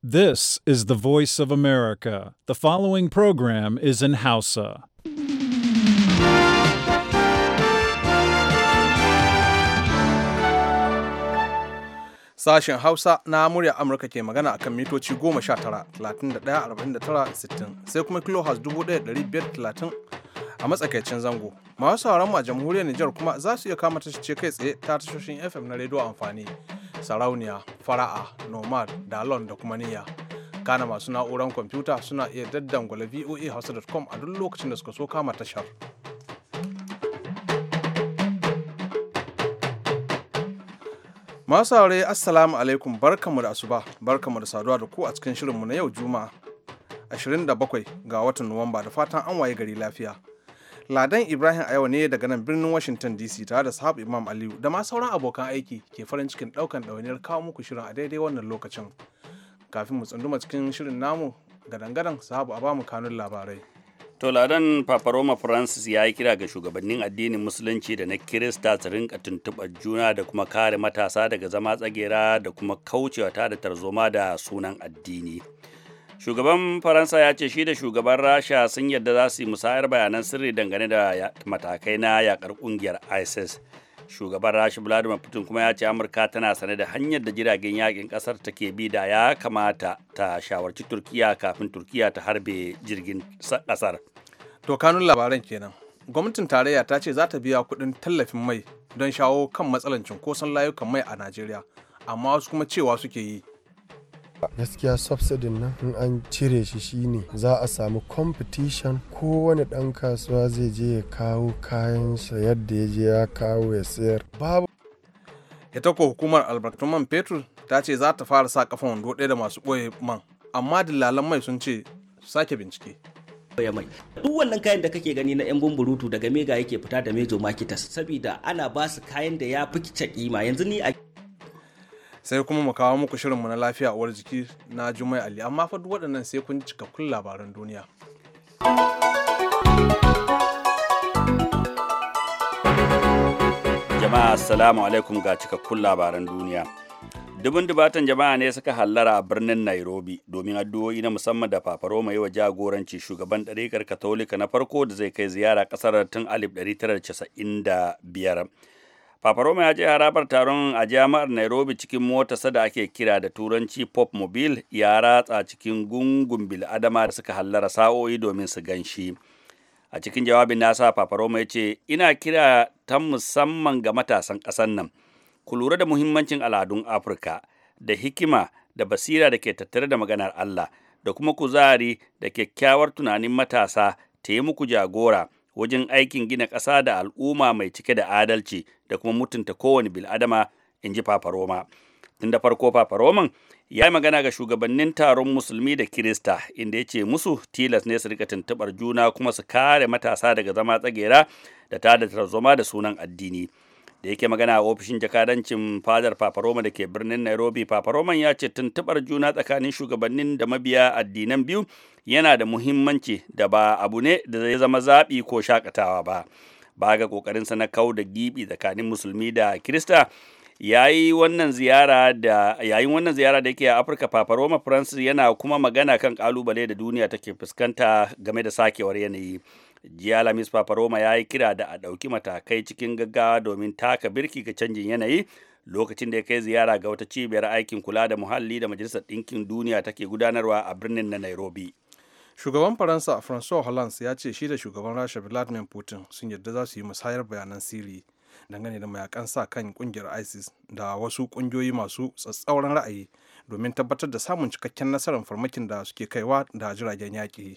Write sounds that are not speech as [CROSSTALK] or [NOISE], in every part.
This is the voice of America. The following program is in Hausa. Sashen Hausa na murya Amurka ke magana akan mitoci 19, 31, 49, 60 sai kuma kilohaz 1530 a matsakaicin zango. Masu sauran a jamhuriyar Nijar kuma za su iya kama tashoce kai tsaye ta tashoshin FM na rediyo amfani. Sarauniya, Fara'a, Nomad, Dalon da kuma Niyya. Kana masu na'uran kwamfuta suna iya daddan daddangwala hausa.com a duk lokacin da suka so kama tashar. Masu aure assalamu alaikum barkamu da asuba barkamu da saduwa da ku a cikin shirinmu na yau juma'a 27 ga watan Nuwamba da fatan an waye gari lafiya. Ladan Ibrahim a yau ne daga nan birnin Washington DC tare da sahab Imam Aliyu da ma sauran abokan aiki ke farin cikin ɗaukan ɗawainiyar kawo muku shirin a daidai wannan lokacin. Kafin mu tsunduma cikin shirin namu gadan-gadan sahabu a bamu kanun labarai. To ladan roma Francis ya yi kira ga shugabannin addinin Musulunci da na Kirista su rinka tuntuɓar juna da kuma kare matasa daga zama tsagera da kuma kaucewa ta da tarzoma da sunan addini. shugaban faransa ya ce shi da shugaban rasha sun yarda za su yi musayar bayanan sirri dangane da matakai na yakar kungiyar isis shugaban rasha vladimir putin kuma ya ce amurka tana sane da hanyar da jiragen yakin kasar take bi da ya kamata ta shawarci turkiya kafin turkiya ta harbe jirgin kasar to kanun labaran kenan gwamnatin tarayya ta ce za ta biya kuɗin tallafin mai don shawo kan matsalan cunkoson layukan mai a najeriya amma wasu kuma cewa suke yi gaskiya subsidin nan in an cire shi shine za a samu competition kowane ɗan kasuwa zai je ya kawo kayan sa yadda ya je ya kawo ya sayar babu ita ko hukumar albarkatun man fetur ta ce za ta fara sa kafan wando ɗaya da masu ɓoye man amma dillalan mai sun ce sake bincike duk wannan kayan da kake gani na yan bumburutu daga mega yake fita da mejo marketers saboda ana ba su kayan da ya fi kima yanzu ni a sai kuma mu kawo muku shirinmu na lafiya uwar jiki na jumai Ali amma fa duk waɗannan sai kun cikakkun labaran duniya. Jama'a assalamu alaikum ga cikakkun labaran duniya. Dubin dubatan jama'a ne suka hallara a birnin Nairobi domin addu'o'i na musamman da fafaro mai wa jagoranci shugaban ɗarikar Katolika na farko da zai kai ziyara ƙasar tun 1995. Paparoma ya je harabar taron a jami'ar Nairobi cikin motarsa da ake kira da turanci pop mobile ya ratsa cikin gungun bil'adama da suka hallara sa'o'i domin su gan shi. A cikin jawabin nasa Paparoma ya ce, Ina kira ta musamman ga matasan ƙasar nan, ku lura da muhimmancin al'adun Afirka, da hikima da basira da ke tattare da maganar Allah, da kuma kuzari da kyakkyawar tunanin matasa ta yi muku jagora. wajen aikin gina ƙasa da al'umma mai cike da adalci da kuma mutunta kowane bil'adama in ji fafaroma tun da farko fafaroman ya yi magana ga shugabannin taron musulmi da kirista inda ya ce musu tilas ne su rika tuntuɓar juna kuma su kare matasa daga zama tsagera da tada tarzoma da sunan addini da yake magana a ofishin jakadancin fadar paparoma da ke birnin nairobi paparoman ya ce tuntubar juna tsakanin shugabannin da mabiya addinan biyu yana da muhimmanci da ba abu ne da zai zama zaɓi ko shakatawa ba ba ga ƙoƙarinsa na kau da gibi tsakanin musulmi da kirista yayin wannan ziyara da yayin wannan ziyara da yake a Afirka Papa Roma Francis yana kuma magana kan kalubale da duniya take fuskanta game da sakewar yanayi jiya lamis paparoma ya yi kira da a ɗauki matakai cikin gaggawa domin taka birki ga canjin yanayi lokacin da ya kai ziyara ga wata cibiyar aikin kula da muhalli da majalisar ɗinkin duniya take gudanarwa a birnin na nairobi shugaban faransa francois hollande ya ce shi da shugaban rasha vladimir putin sun yarda za su yi musayar bayanan sirri dangane da mayakan sa kan kungiyar isis da wasu kungiyoyi masu tsatsauran ra'ayi domin tabbatar da samun cikakken nasarar farmakin da suke kaiwa da jiragen yaƙi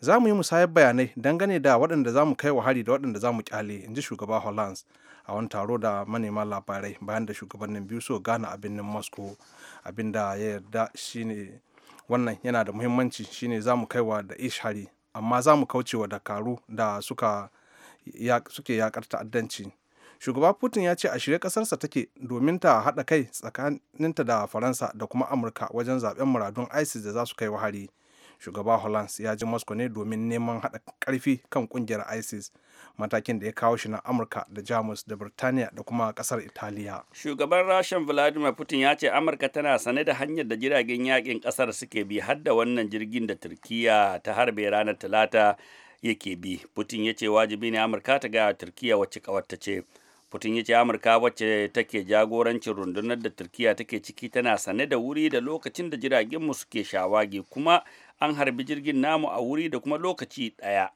za mu yi musayar bayanai dangane da waɗanda za mu kai wa hari da waɗanda za mu kyale in ji shugaba hollands a wani taro da manema labarai bayan da shugabannin biyu so gana abin moscow abin da ya yarda shine wannan yana da muhimmanci shine za mu kai wa da ish hari amma za mu kauce wa dakaru da suke yakar ta'addanci shugaba putin ya ce a shirye kasarsa take domin ta haɗa kai tsakaninta da faransa da kuma amurka wajen zaben muradun isis da za su kai wa hari shugaba hollands ya ji moscow ne domin neman haɗa ƙarfi kan ƙungiyar isis matakin da ya kawo shi na amurka da jamus da birtaniya da kuma ƙasar italiya shugaban rashin vladimir putin ya ce amurka tana sane da hanyar da jiragen yakin ƙasar suke bi har da wannan jirgin da turkiya ta harbe ranar talata yake bi putin ya ce wajibi ne amurka ta gaya turkiya wacce ta ce Putin ya ce Amurka wacce take jagorancin rundunar da Turkiya take ciki tana sane da wuri da lokacin da jiragenmu suke shawagi kuma an harbi jirgin namu a wuri da kuma lokaci ɗaya.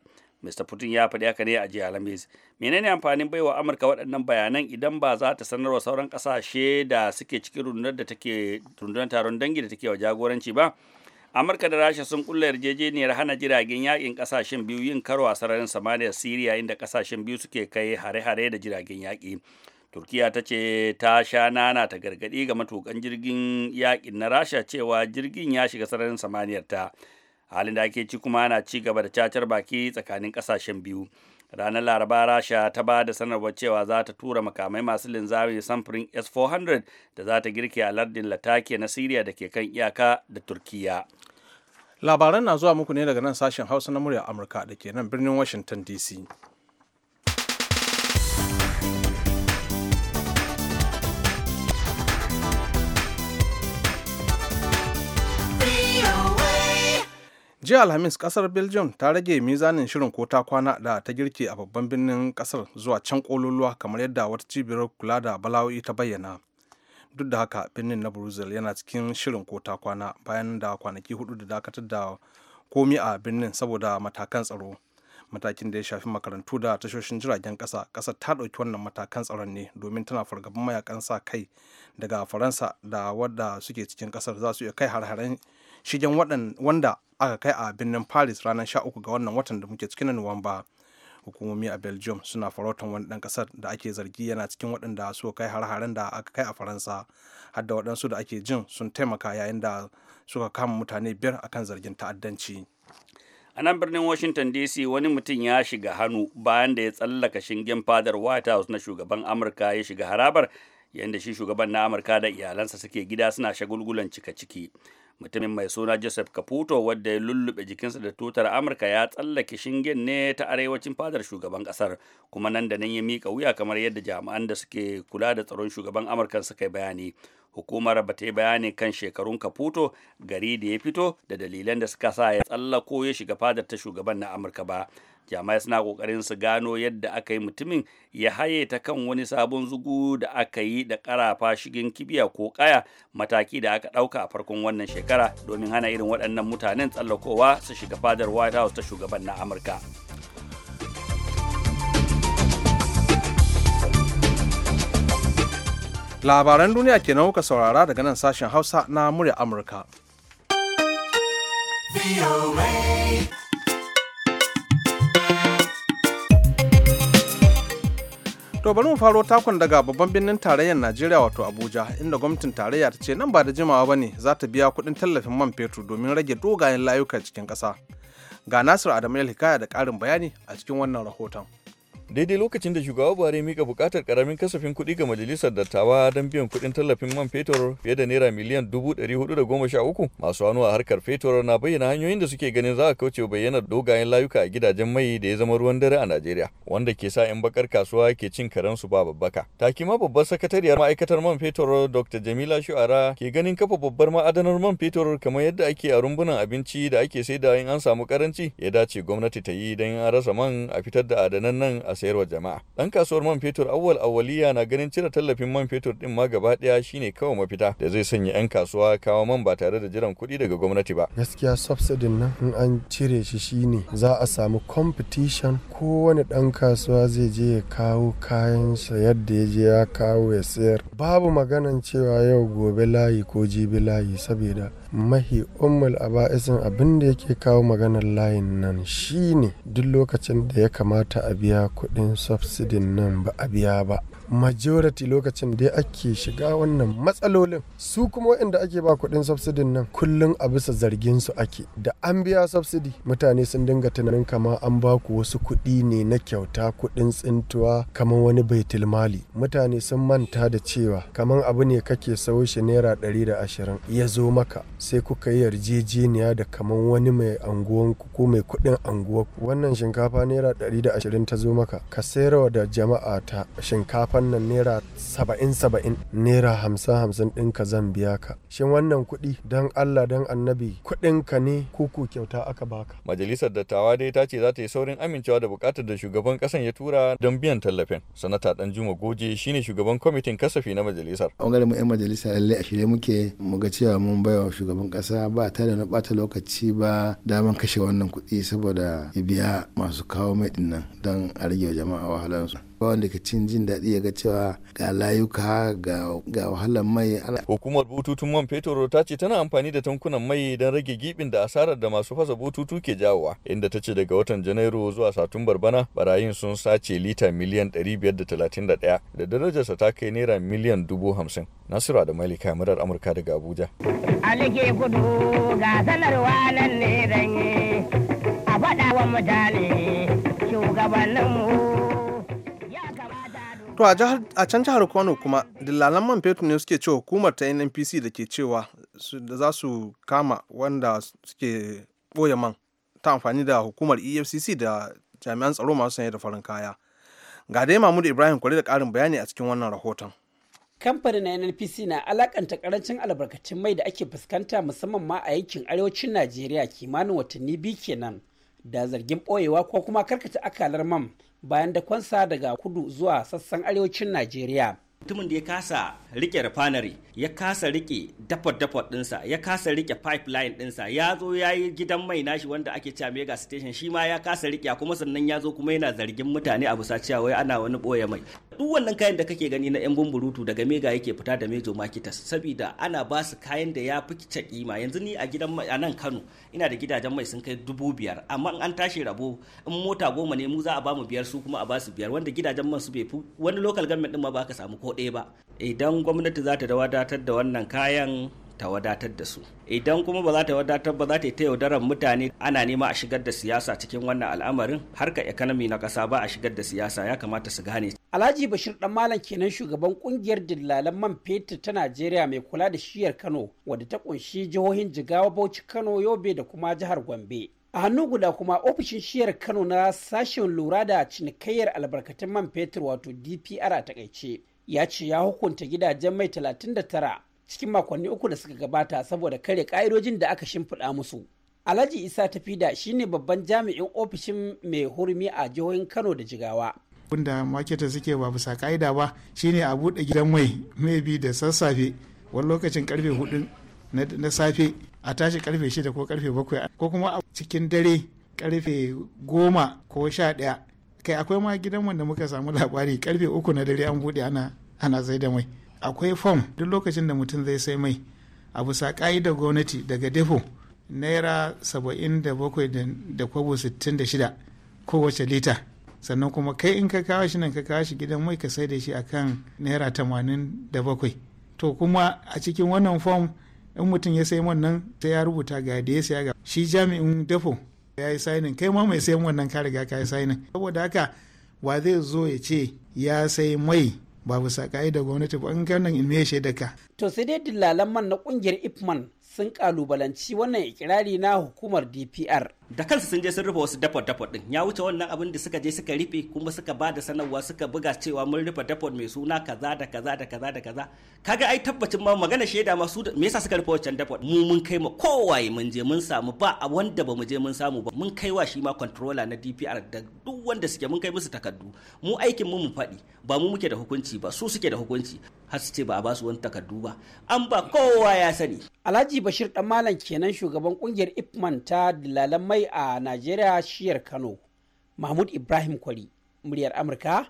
Mr. Putin ya faɗi haka ne a jiya Alhamis. Menene amfanin baiwa Amurka waɗannan bayanan idan ba za ta sanarwa sauran ƙasashe da suke cikin rundunar da take rundunar taron dangi da take wa jagoranci ba? amurka da rasha sun kulla yarjejeniyar hana jiragen yakin kasashen biyu yin karo a sararin samaniyar siriya inda kasashen biyu suke kai hare-hare da jiragen yaƙi turkiya ta ce ta sha nana ta gargaɗi ga matukan jirgin yakin na rasha cewa jirgin ya shiga sararin samaniyar ta halin da ake ci kuma ana ci gaba da cacar baki tsakanin kasashen biyu ranar laraba rasha ta ba da sanarwar cewa za ta tura makamai masu linzami samfurin s-400 da za ta girke a lardin latake na siriya da ke kan iyaka da turkiya labaran na zuwa muku ne daga nan sashen hausa na murya amurka da ke nan birnin washington dc jiya alhamis kasar belgium ta rage mizanin shirin ko ta kwana da ta girke a babban birnin kasar zuwa can kololuwa kamar yadda wata cibiyar kula da bala'o'i ta bayyana duk da haka birnin na brussels yana cikin shirin ko ta kwana bayan da kwanaki hudu da dakatar da komi a birnin saboda matakan tsaro matakin da ya shafi makarantu da tashoshin jiragen kasa kasar ta ɗauki wannan matakan tsaron ne domin tana fargabin mayakan sa kai daga faransa da wadda suke cikin kasar za su iya kai har-haren shigen wanda aka kai a birnin paris ranar 13 ga wannan watan da muke cikin nuwamba hukumomi a belgium suna farautan wani dan kasar da ake zargi yana cikin waɗanda su kai har-haren da aka kai a faransa har da waɗansu da ake jin sun taimaka yayin da suka kama mutane biyar akan zargin ta'addanci a nan birnin washington dc wani mutum ya shiga hannu bayan da ya tsallaka shingen fadar white house na shugaban amurka ya shiga harabar yadda shi shugaban na amurka da iyalansa suke gida suna shagulgulan cika ciki mutumin mai suna joseph kaputo wadda ya lullube jikinsa da tutar amurka ya tsallake shingen ne ta arewacin fadar shugaban kasar kuma nan da nan ya mika wuya kamar yadda jami'an da suke kula da tsaron shugaban amurka suka bayani hukumar ba ta yi bayani kan shekarun kaputo gari da ya fito da dalilan da suka sa ya tsallako ya shiga fadar ta shugaban na amurka ba jama'a suna kokarin su gano yadda aka yi mutumin ya haye ta kan wani sabon zugu da aka yi da karafa shigin kibiya ko kaya mataki da aka dauka a farkon wannan shekara domin hana irin waɗannan mutanen tsallakowa su shiga fadar white house ta shugaban na amurka labaran duniya kenan kuka saurara daga nan sashen hausa na murya amurka To bari mu faro takon daga babban birnin tarayyar Najeriya wato Abuja inda gwamnatin tarayya ta ce nan ba da jimawa bane za ta biya kuɗin tallafin man fetur domin rage dogayen layuka cikin ƙasa. Ga Nasir Adamu Hikaya da ƙarin bayani a cikin wannan rahoton. daidai lokacin da shugaba buhari ya mika bukatar karamin kasafin kuɗi ga majalisar dattawa don biyan kuɗin tallafin man fetur fiye da naira miliyan dubu ɗari hudu da goma sha uku masu hannu a harkar fetur na bayyana hanyoyin da suke ganin za a kauce bayyanar dogayen layuka a gidajen mai da ya zama ruwan dare a najeriya wanda ke sa 'yan bakar kasuwa ke cin karensu ba babbaka taki ma babbar sakatariyar ma'aikatar man fetur dr jamila shu'ara ke ganin kafa babbar ma'adanar man fetur kamar yadda ake a rumbunan abinci da ake saida in an samu karanci ya dace gwamnati ta yi don an rasa man a fitar da adanan nan a sayarwa jama'a ɗan kasuwar man fetur awwal awwaliya na ganin cire tallafin man fetur ɗin ma gaba ɗaya shine kawai mafita da zai sanya yan kasuwa kawo man ba tare da jiran kuɗi daga gwamnati ba gaskiya subsidin nan in an cire shi shine za a samu competition kowane ɗan kasuwa zai je ya kawo kayan sa yadda ya je ya kawo ya sayar babu maganan cewa yau gobe layi ko jibi layi saboda mahi ummul aba'isin abin da yake kawo maganar layin nan shine duk lokacin da ya kamata a biya kuɗin subsidin nan ba a biya ba majority lokacin da ake shiga wannan matsalolin su kuma waɗanda ake ba kuɗin subsidin nan kullum a bisa zargin su ake da an biya subsidy mutane sun dinga tunanin kama an ba ku wasu kuɗi ne na kyauta kuɗin tsintuwa kamar wani baitul mali mutane sun manta da cewa kamar abu ne kake sayo shi naira ɗari da ashirin ya zo maka sai kuka yi yarjejeniya da kamar wani mai ku ko mai kuɗin anguwanku wannan shinkafa naira ɗari da ashirin ta zo maka ka sayarwa da jama'a ta shinkafa wannan naira saba'in saba'in naira hamsin hamsin ɗinka zan biya ka shin wannan kuɗi don allah don annabi kuɗin ka ne kuku kyauta aka baka majalisar dattawa dai ta ce za ta yi saurin amincewa da buƙatar da shugaban ƙasan ya tura don biyan tallafin sanata dan juma goje shine shugaban kwamitin kasafi na majalisar a ɓangaren mu 'yan majalisa lallai a shirye muke mu ga cewa mun baiwa shugaban ƙasa ba ta da na ɓata lokaci ba daman kashe wannan kuɗi saboda ya biya masu kawo mai dinnan don a rage jama'a wahalarsu ba wanda ka cin jin daɗi ya ga cewa ga layuka ga wahalar mai hukumar bututun man fetur ta ce tana amfani da tankunan mai don rage gibin da asarar da masu fasa bututu ke jawowa inda ta ce daga watan janairu zuwa satumbar bana barayin sun sace lita miliyan 531 da darajarsa ta kai naira miliyan dubu hamsin nasiru da malika kamarar amurka daga abuja alike gudu ga sanarwa ne danye a faɗa wa mutane shugabanninmu To a can jihar Kano kuma dillalan man fetur ne suke cewa hukumar ta NNPC da ke cewa da za su kama wanda suke ɓoye man ta amfani da hukumar EFCC da jami'an tsaro masu sanye da farin kaya. Ga dai Mahmud Ibrahim kwari da ƙarin bayani a cikin wannan rahoton. kamfanin nnpc na alakanta karancin albarkacin mai da ake fuskanta musamman ma a yankin arewacin najeriya kimanin watanni biyu kenan da zargin boyewa ko kuma karkata akalar man bayan da kwansa daga kudu zuwa sassan arewacin najeriya mutumin da ya kasa rike refinery ya kasa rike dafot-dafot dinsa ya kasa rike pipeline dinsa ya zo ya yi gidan mai nashi wanda ake cewa mega station shi ma ya kasa rike kuma sannan ya zo kuma yana zargin mutane a bisa cewa wai ana wani boye mai duk wannan kayan da kake gani na yan gumburutu daga mega yake fita da mejo makita saboda ana ba su kayan da ya fi kice kima yanzu ni a gidan a nan Kano ina da gidajen mai sun kai dubu biyar amma an tashi rabo in mota goma ne mu za a ba mu biyar su kuma a ba su biyar wanda gidajen man su bai fi wani local government din ma ba ka samu ko ɗaya ba idan gwamnati za ta dawa da wannan kayan ta wadatar da su idan kuma ba za ta wadatar ba za ta ta yaudarar mutane ana nema a shigar da siyasa cikin wannan al'amarin harka economy na ƙasa ba a shigar da siyasa ya kamata su gane alhaji bashir dan malam kenan shugaban kungiyar dillalan man fetur ta najeriya mai kula da shiyar kano wadda ta kunshi jihohin jigawa bauchi kano yobe da kuma jihar gombe a hannu guda kuma ofishin shiyar kano na sashen lura da cinikayyar albarkatun man fetur wato dpr a takaice ya ce ya hukunta gidajen mai 39 cikin makonni uku da suka gabata saboda kare ka'idojin da aka shimfiɗa musu. Alhaji Isa Tafida shine babban jami'in ofishin mai hurmi a jihohin Kano da Jigawa. Wanda maketa suke ba bisa ka'ida ba shine a buɗe gidan mai mai biyu da sassafe wani lokacin karfe hudu na safe a tashi karfe shida ko karfe bakwai ko kuma a cikin dare karfe goma ko sha ɗaya kai akwai ma gidan wanda muka samu labari karfe uku na dare an buɗe ana ana da mai akwai fom duk lokacin da mutum zai sai mai a bisa ka'ida gwamnati daga depo naira saba'in da bakwai da kwabo sittin da shida kowace lita sannan kuma kai in ka kawo shi nan ka kawo shi gidan mai ka sai da shi akan naira tamanin da bakwai to kuma a cikin wannan fom in mutum ya man wannan sai ya rubuta ga da ya saya ga shi jami'in depo ya yi sainin kai ma mai sayan wannan ka riga ka yi sainin saboda haka wa zai zo ya ce ya sai mai ba bisa da gwamnati ba in ka ilmi ya shaida ka. to sai dai dillalan man na ƙungiyar ipman sun kalubalanci wannan ikirari na hukumar DPR. Da kansu sun je sun rufe wasu dafot dafot din ya wuce wannan abin da suka je suka rufe kuma suka ba da sanarwa suka buga cewa mun rufe dafot mai suna kaza da kaza da kaza da kaza kaga ai tabbacin ma magana shaida ma su me yasa suka rufe wancan dafot mu mun kai ma kowaye mun je mun samu ba a wanda ba mu je mun samu ba mun kai wa shi ma controller na DPR da duk wanda suke mun kai musu takardu mu aikin mu mu faɗi ba mu muke da hukunci ba su suke da hukunci har ce ba a ba wani takardu ba an ba kowa ya sani alhaji bashir dan malam kenan shugaban kungiyar ipman ta dalalan mai a najeriya shiyar kano mahmud ibrahim kwari muryar amurka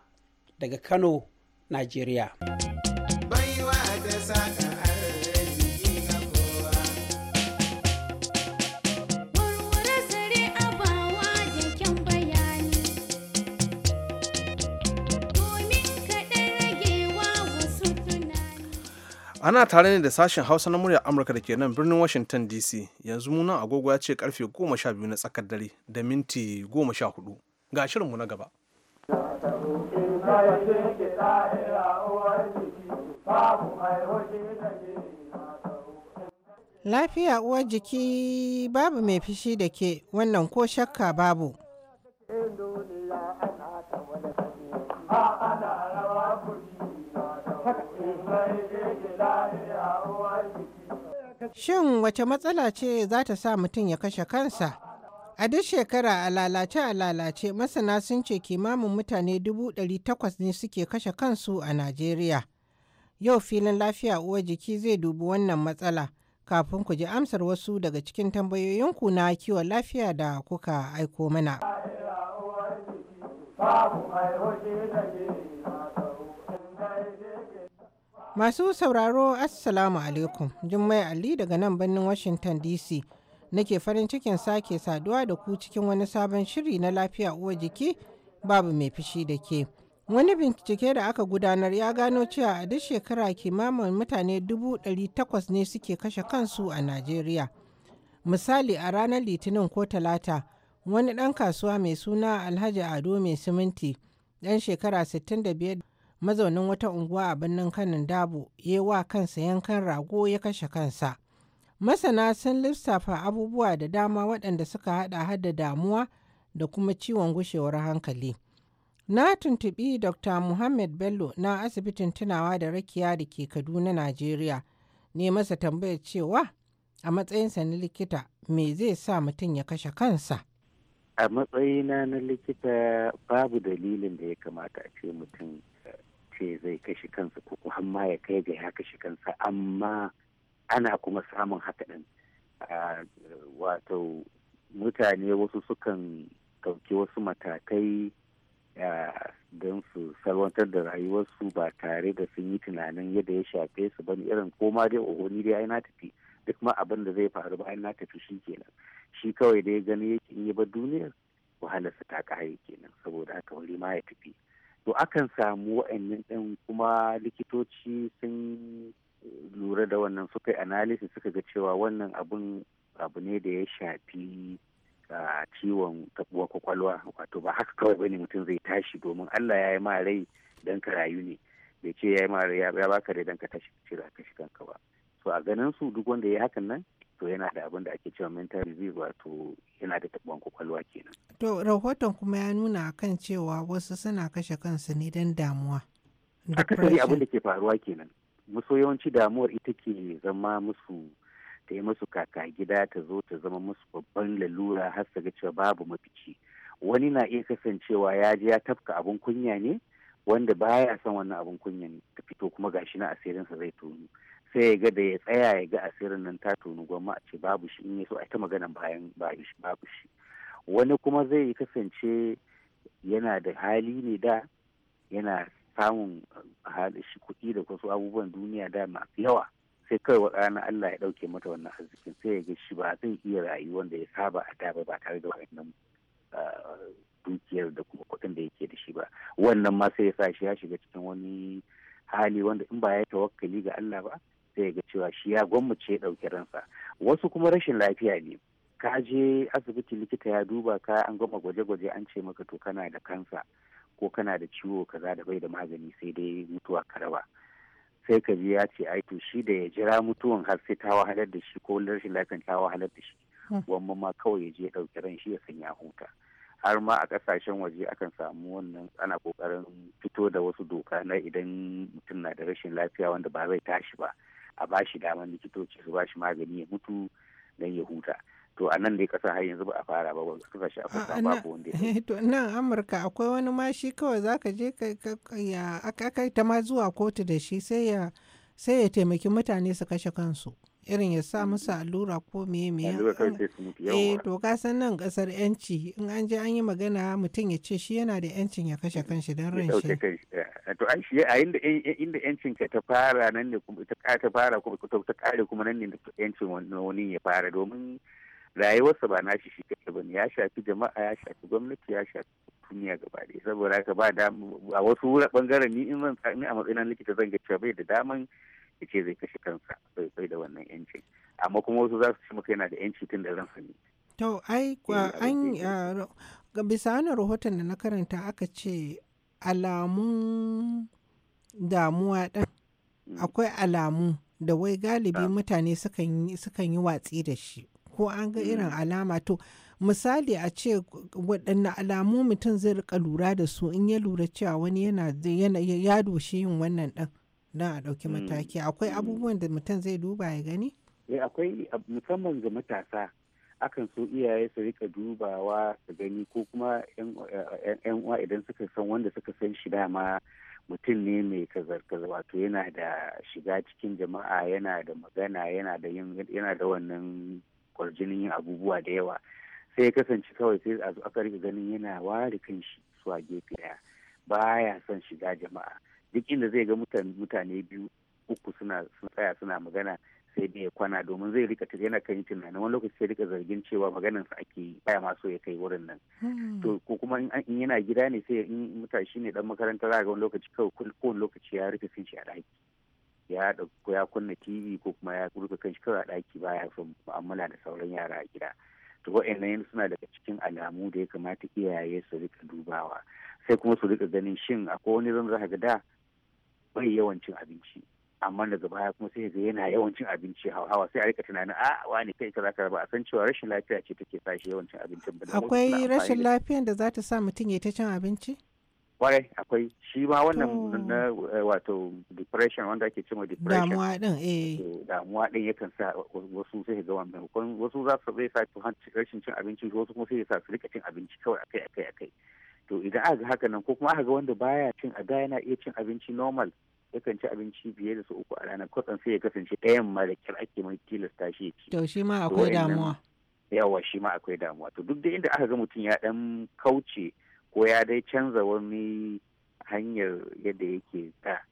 daga kano najeriya ana tare ne da sashen hausa na muryar amurka da ke nan birnin washington dc yanzu munan agogo ya ce karfe 12 na tsakar dare da minti 14 ga shirinmu na gaba lafiya uwar jiki babu mai fishi da ke wannan ko shakka babu Shin wace matsala ce za ta sa mutum ya kashe kansa? A duk shekara a lalace a lalace masana sun ce kimamin mutane dubu ɗari takwas ne suke kashe kansu a Najeriya. Yau filin lafiya uwa jiki zai dubi wannan matsala kafin ku ji amsar wasu daga cikin tambayoyinku na kiwon lafiya da kuka aiko mana. Masu sauraro Assalamu alaikum Jummai Ali daga nan birnin Washington DC nake farin cikin sake saduwa da ku cikin wani sabon shiri na lafiya uwa jiki babu mai fushi da ke. Wani bincike da aka gudanar ya gano cewa a duk shekara kimanin mutane dubu ɗari takwas ne suke kashe kansu a Najeriya. Misali a ranar Litinin ko Talata wani ɗan kasuwa mai suna Alhaji Ado mai siminti ɗan shekara 65 mazaunin wata unguwa a birnin kanin dabo ya wa kansa yankan rago ya kashe kansa masana sun lissafa abubuwa da dama waɗanda suka haɗa hada damuwa da kuma ciwon gushewar hankali na tuntuɓi dr muhammad bello na asibitin tunawa da rakiya da ke kaduna najeriya ne masa tambayar cewa a matsayinsa na likita me zai sa mutum ya kashe kansa a matsayina na likita babu dalilin da ya kamata a ce mutum ce zai kashe kansa ko kuma ma ya kai ga ya kashe kansa amma ana kuma samun haka ɗin wato mutane wasu sukan ɗauki wasu matakai don su salwantar da rayuwarsu ba tare da sun yi tunanin yadda ya shafe su ba irin koma dai oho ni dai na tafi duk ma abin da zai faru bayan na tafi shi kenan shi kawai dai gani yake yi ba duniyar wahalarsa ta ƙare kenan saboda haka wuri ma ya tafi to akan samu wa'annan ɗin kuma likitoci sun lura da wannan suka yi analysis suka ga cewa wannan abun abu ne da ya shafi ciwon tabuwa kwakwalwa wato ba haka kawai bane mutum zai tashi domin Allah ya yi ma rai don ka rayu ne bai ce ya yi ma rai ya baka rai don ka tashi ka ka shi kanka ba so a ganin su duk wanda ya yi hakan nan to yana da abin da ake cewa mental disease wato yana da taɓon kwakwalwa kenan. To rahoton kuma ya nuna kan cewa wasu suna kashe kansu ne don damuwa. Akasari abin da ke faruwa kenan. Musu yawanci damuwar ita ke zama musu ta yi musu kaka gida ta zo ta zama musu babban lalura har su ga cewa babu mafici. Wani na iya kasancewa ya je ya tafka abin kunya ne wanda baya son wannan abin kunya ta fito kuma gashi na asirinsa zai tono. sai ya ga da ya tsaya ya ga asirin nan ta tonu gwamma a ce babu shi in ya so a ta magana bayan babu shi wani kuma zai kasance yana da hali ne da yana samun uh, shi kuɗi da wasu abubuwan duniya da masu yawa sai kawai rana Allah ya ɗauke mata wannan arzikin sai ya ga shi ba zai iya rayuwa da ya saba a da ba tare da wannan uh, dukiyar da kuma kuɗin da yake da shi ba wannan ma sai ya sa shi ya shiga cikin wani hali wanda in ba ya tawakkali ga Allah ba sai ga cewa shi ya gwammace ɗauki ransa wasu kuma rashin lafiya ne ka je asibiti likita ya duba ka an gama gwaje-gwaje an ce maka to kana da kansa ko kana da ciwo kaza da bai da magani sai dai mutuwa ka raba sai ka ji ya ce ai to shi da ya jira mutuwan har sai ta wahalar da shi ko rashin lafiyan ta wahalar da shi hmm. wamma ma kawai ya je ɗauki ran shi ya sanya huta har ma a kasashen waje akan samu wannan ana kokarin fito da wasu doka na idan mutum na da rashin lafiya wanda ba zai tashi ba a bashi damar likitoci su bashi magani ya mutu don ya huta to a nan dai kasa har yanzu ba a fara ba wasu kasashe afirka ah, babu wanda ya [LAUGHS] to nan amurka akwai wani ma shi kawai zaka je ya aka ta ma zuwa kotu da shi sai ya taimaki mutane su kashe kansu irin ya sa musu allura ko meye meye eh to ka san nan kasar yanci in an je an yi magana mutum ya ce shi yana da yancin ya kashe kanshi don ran shi eh, to an shi a inda inda yancin ka ta fara nan ne kuma ta ta fara kuma ta kare kuma nan ne yancin wani ya fara domin rayuwarsa ba nashi shi kai ba ya shafi jama'a ya shafi gwamnati ya shafi duniya gaba ɗaya saboda haka ba a wasu bangaren ni in zan a matsayin likita zan ga cewa bai da daman ce zai kashe kansa sai sai da wannan yanci amma kuma wasu za su ce maka yana da yanci tun da ransa ne to ai an ah, bisa wani rahoton da na karanta aka ce alamun damuwa ɗan mm. akwai alamu da wai galibi ah. mutane sukan yi watsi da shi ko an ga irin mm. alama to misali a ce waɗanne alamu mutum zai rika lura da su in ya lura cewa wani yana ya doshe yin wannan ɗan don a ɗauki mm. mataki akwai mm. abubuwan da mutum zai duba ya gani? Eh, akwai musamman ga matasa akan so iyaye su rika dubawa su gani ko kuma yan uwa idan suka san wanda suka san shi dama mutum ne mai kazar wato yana da shiga cikin jama'a yana da magana yana da yana da wannan kwarjinin yin abubuwa da yawa sai ya kasance kawai sai a aka rika ganin yana ware kan shi su gefe ɗaya baya son shiga jama'a duk inda zai ga mutane biyu uku suna tsaya suna magana sai da kwana domin zai rika yana kan yi tunanin wani lokaci sai rika zargin cewa maganar sa ake baya ma so ya kai wurin nan hmm. to ko kuma in yana gida ne sai in mutashi ne dan makaranta za ga wani lokaci kawai wani lokaci ya rufe kanshi a daki ya dauko ya kunna TV ko kuma ya rufe kanshi kawai a daki baya son mu'amala da sauran yara a gida to wa'annan suna daga cikin alamu da ya kamata iyaye su rika dubawa sai kuma su rika ganin shin akwai wani zan zaka ga da bai yawan cin abinci amma daga baya kuma sai ga yana yawan cin abinci hawa sai a rika tunanin a ah, wani kai kaza kaza ba a san cewa rashin lafiya ce take sa shi yawan cin abincin ba akwai rashin lafiyan da za ta sa mutum ya ta cin abinci kwarai akwai shi ma wannan na eh, wato depression wanda ake cewa depression damuwa din eh. eh damuwa din yakan sa wasu sai ga wannan wasu za su zai sa rashin cin abinci wasu kuma sai sa su rika cin abinci kawai akai akai akai to idan aka ga haka nan ko kuma aka ga wanda baya cin a da yana iya cin abinci normal yakan ci abinci biye da su uku a ranar kwatsan sai ya kasance ɗayan ma da kyar ake mai tilasta shi ya ci. To shi ma akwai damuwa. Yawa shi ma akwai damuwa. To duk da inda aka ga mutum ya ɗan kauce ko ya dai canza wani hanyar yadda yake da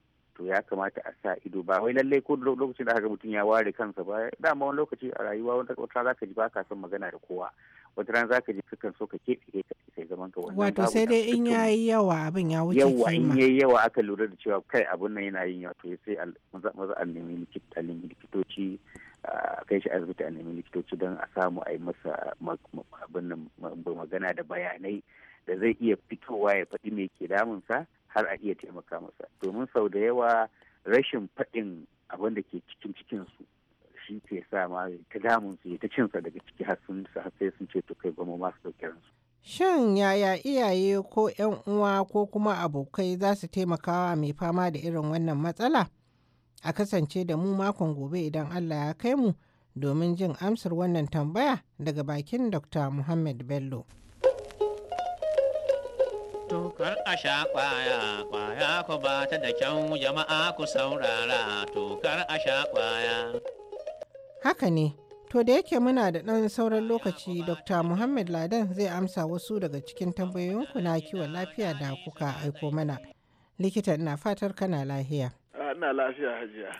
to ya kamata a sa ido ba wai lallai ko lokacin da aka mutum ya ware kansa ba dama wani lokaci a rayuwa wata za zaka ji baka son magana da kowa wata za zaka ji kakan so ka kai ka sai zaman ka wannan wato sai dai in yayi yawa abin ya wuce yawa in yayi yawa aka lura da cewa kai abin nan yana yin yawa to sai maza a nemi likitoci a kai shi asibiti a nemi likitoci don a samu a yi masa abin nan magana da bayanai da zai iya fitowa ya faɗi me ke damunsa har a iya taimaka masa domin sau da yawa rashin faɗin abin da ke cikin cikinsu shi ke sa ma ta damun su ta cinsa daga ciki har sun sai sun ce to kai goma masu ɗauki su. Shin yaya iyaye ko 'yan uwa ko kuma abokai za su taimakawa mai fama da irin wannan matsala? A kasance da mu makon gobe idan Allah ya kai mu domin jin amsar wannan tambaya daga bakin Dr. Muhammad Bello. To kar a sha kwaya, kwaya ku ba ta da kyau jama'a ku saurara, to kar a sha kwaya. Haka ne, to da yake muna da ɗan sauran lokaci Dr. Muhammad Ladan zai amsa wasu daga cikin tambayoyinku na kiwon lafiya da kuka aiko mana. Likita ina fatar kana lahiya. Ah, ina lafiya hajiya.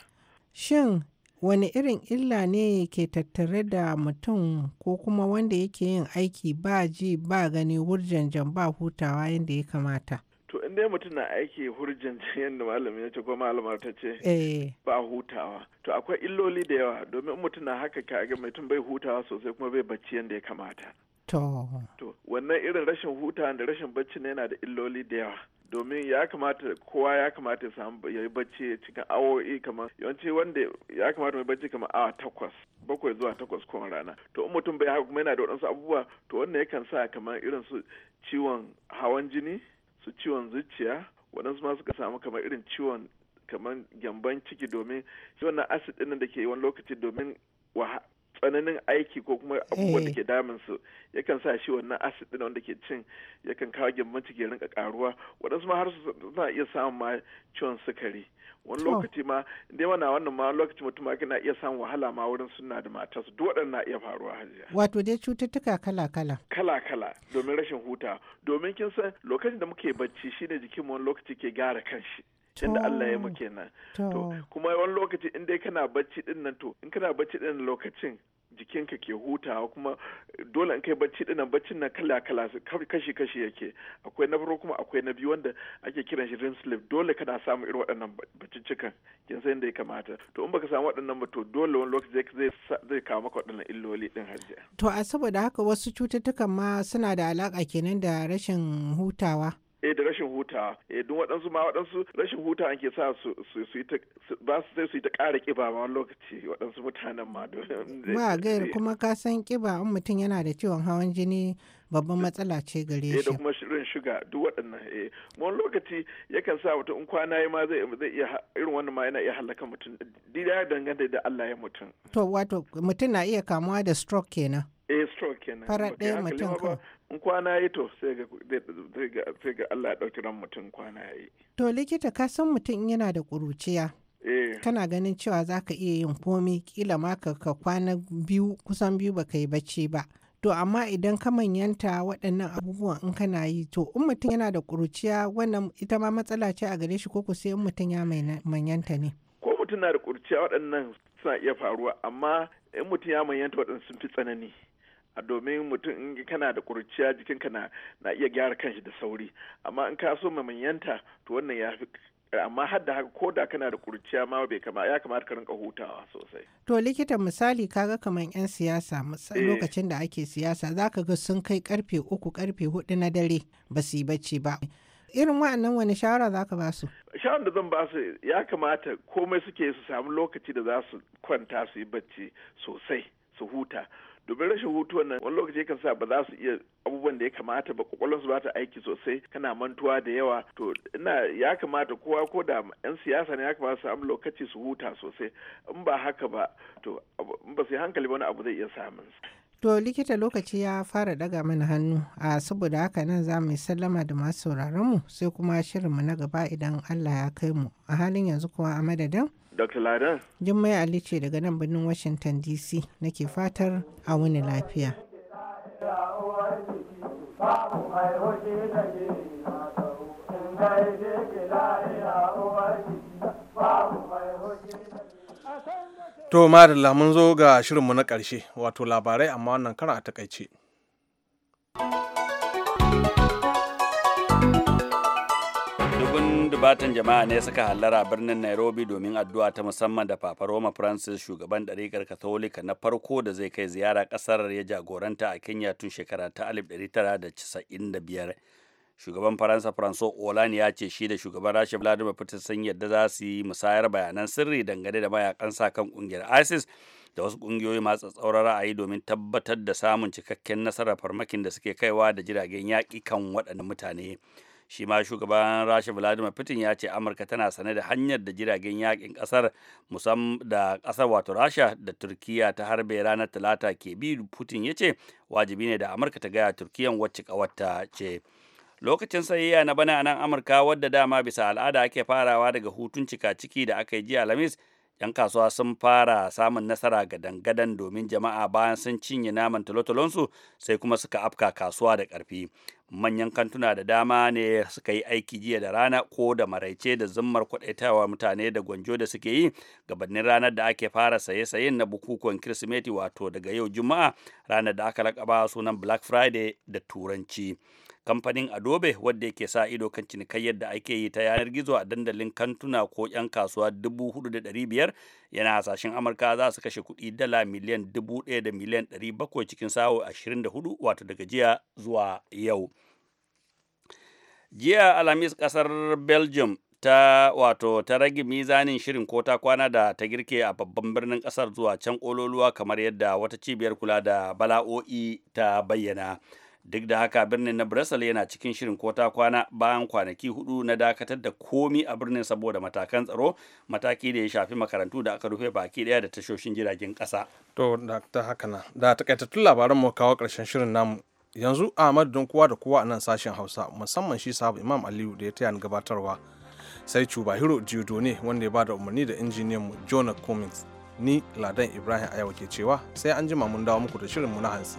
Shin wani irin illa ne ke tattare da mutum ko kuma wanda yake yin aiki ba ji ba gani wurjanjan ba hutawa yadda ya kamata to in mutum na aiki hurjanjan yadda malam ya ce ko malamar ta ce eh. ba hutawa to akwai illoli da yawa domin mutum na haka kaga mutum bai hutawa sosai kuma bai bacci yadda ya kamata to wannan irin rashin hutawa da rashin bacci ne yana da illoli da yawa domin ya kamata kowa ya kamata ya samu ya yi bacci cikin awowi kamar yawanci wanda ya kamata mai bacci kamar awa takwas bakwai zuwa takwas kowane rana to in mutum bai haka kuma yana da waɗansu abubuwa to wannan yakan sa kamar irin su ciwon hawan jini su ciwon zuciya waɗansu ma suka samu kamar irin ciwon kamar gyamban ciki domin shi wannan acid ɗin da ke yi wani lokaci domin tsananin aiki ko kuma abubuwan da eh. ke damun su yakan sa shi wannan acid din wanda ke cin yakan kawo gyambon ciki rinka karuwa waɗansu ma har su na iya samun ma ciwon sukari wani lokaci ma dai na wannan ma lokaci mutum ma na iya samun wahala ma wurin suna da mata su duk na iya faruwa hajiya wato dai cututtuka kala kala kala kala domin rashin huta domin kin san lokacin da muke bacci shine jikin mu wani lokaci ke gyara kanshi da Allah ya muke oh. nan to kuma wani lokaci in dai kana bacci din nan to in kana bacci din lokacin jikinka ke hutawa kuma dole in kai bacci dinnan baccin nan kala kala kashi kashi yake akwai na farko kuma akwai na biyu wanda ake kiran shi dream sleep dole kana samu irin waɗannan baccicikan kin san inda ya kamata to in baka samu waɗannan ba to dole wani lokaci zai zai kawo maka waɗannan illoli din harje to a saboda haka wasu cututtukan ma suna da alaka kenan da rashin hutawa eh da rashin hutawa eh duk waɗansu ma waɗansu rashin hutawa ke sa su su su ta ba su sai su yi ta ƙara ƙiba ma lokaci waɗansu mutanen ma ba gair kuma ka san ƙiba in mutum yana da ciwon hawan jini babban eh, matsala ce gare eh, shi da kuma shirin shuga duk waɗannan eh wani lokaci yakan sa mutum in kwana yi ma zai zai iya irin wannan ma yana iya halaka mutum dida ya danganta da Allah ya mutum to wato mutum na iya kamuwa da stroke kenan eh stroke kenan farar ɗaya mutum in kwana yi to sai ga Allah ɗauki ran mutum kwana yi. To likita ka san mutum yana da ƙuruciya. Eh. Kana ganin cewa za ka iya yin komi kila ma ka kwana biyu kusan biyu ba ka yi bacci ba. To amma idan ka manyanta waɗannan abubuwan in kana yi to in mutum yana da ƙuruciya wannan ita ma matsala ce a gare shi ko ku sai in mutum ya manyanta ne. Ko mutum na da ƙuruciya waɗannan suna iya faruwa amma in mutum ya manyanta waɗannan sun fi tsanani. a domin mutum in kana da kurciya jikinka na na iya gyara kanshi da sauri amma in ka so mamanyanta to wannan ya fi amma har da haka koda kana da kurciya ma bai kama ya kamata ka rinka hutawa sosai to likita misali kaga kamar yan siyasa eh. lokacin da ake siyasa zaka ga sun kai karfe uku karfe hudu na dare ba su yi bacci ba irin wa'annan wani shawara za ka ba su? Shawarar da zan ba su ya kamata komai suke su samu lokaci da za su kwanta su yi bacci sosai su huta domin rashin hutu nan wani lokaci kan sa ba za su iya abubuwan da ya kamata ba kwakwalwarsu ba ta aiki sosai kana mantuwa da yawa to ina ya kamata kowa ko da yan siyasa ne ya kamata su samu lokaci su huta sosai in ba haka ba to in ba su yi hankali wani abu zai iya samun To likita lokaci ya fara daga mana hannu a saboda haka nan za mu sallama da masu sauraronmu sai kuma shirinmu na gaba idan Allah ya kai mu a halin yanzu kuwa a madadin Dr. Jummai Ali ce daga nan birnin Washington DC nake fatar a wani lafiya. To da mun zo ga shirinmu na ƙarshe wato labarai amma wannan karan a takaice. batan jama'a ne suka hallara birnin Nairobi domin addu'a ta musamman da Papa Roma Francis shugaban ɗariƙar Katolika na farko da zai kai ziyara ƙasar ya jagoranta a Kenya tun shekara ta 1995. Shugaban Faransa Franco Olan ya ce shi da shugaban Rasha Vladimir Putin sun yadda za su yi musayar bayanan sirri dangane da mayakan sa kan ƙungiyar ISIS da wasu ƙungiyoyi masu tsauran ra'ayi domin tabbatar da samun cikakken nasarar farmakin da suke kaiwa da jiragen yaƙi kan waɗannan mutane. shi ma shugaban rasha vladimir putin ya ce amurka tana sane da hanyar da jiragen yakin kasar musamman da kasar wato rasha da turkiya ta harbe ranar talata ke bi putin ya ce wajibi ne da amurka ta gaya turkiyan wacce kawarta ce lokacin sayayya na bana a nan amurka wadda dama bisa al'ada ake farawa daga hutun cika ciki da aka yi jiya lamis 'yan kasuwa sun fara samun nasara ga dangadan domin jama'a bayan sun cinye naman talotalonsu sai kuma suka afka kasuwa da karfi. manyan kantuna da dama ne suka yi aiki jiya da rana ko da maraice da zummar kwadaitawa mutane da gwanjo da suke yi gabanin ranar da ake fara saye-sayen na bukukuwan kirsimeti wato daga yau juma'a ranar da aka lakaba sunan black friday da turanci kamfanin adobe wadda yake sa ido kan cinikayyar da ake yi ta yanar gizo a dandalin kantuna ko 'yan kasuwa 4,500 yana hasashen amurka za su kashe kuɗi dala miliyan 1,000 da miliyan 700 cikin sawo 24 wato daga jiya zuwa yau jiya alhamis kasar belgium ta wato ta rage mizanin shirin ko ta kwana da ta girke a babban birnin kasar zuwa can ololuwa kamar yadda wata cibiyar kula da bala'o'i ta bayyana duk da haka birnin na brussels yana cikin shirin kota kwana bayan kwanaki hudu na dakatar da komi a birnin saboda matakan tsaro mataki da ya shafi makarantu da aka rufe baki daya da tashoshin jiragen kasa to da haka na da takaitattun labaran mu kawo karshen shirin namu yanzu ahmad don kowa da kowa a nan sashen hausa musamman shi sabu imam aliyu da ya taya gabatarwa sai cubahiro ne wanda ya bada umarni da injiniyan mu jonah cummings ni ladan ibrahim ayawa ke cewa sai an jima mun dawo muku da shirin mu na hansi.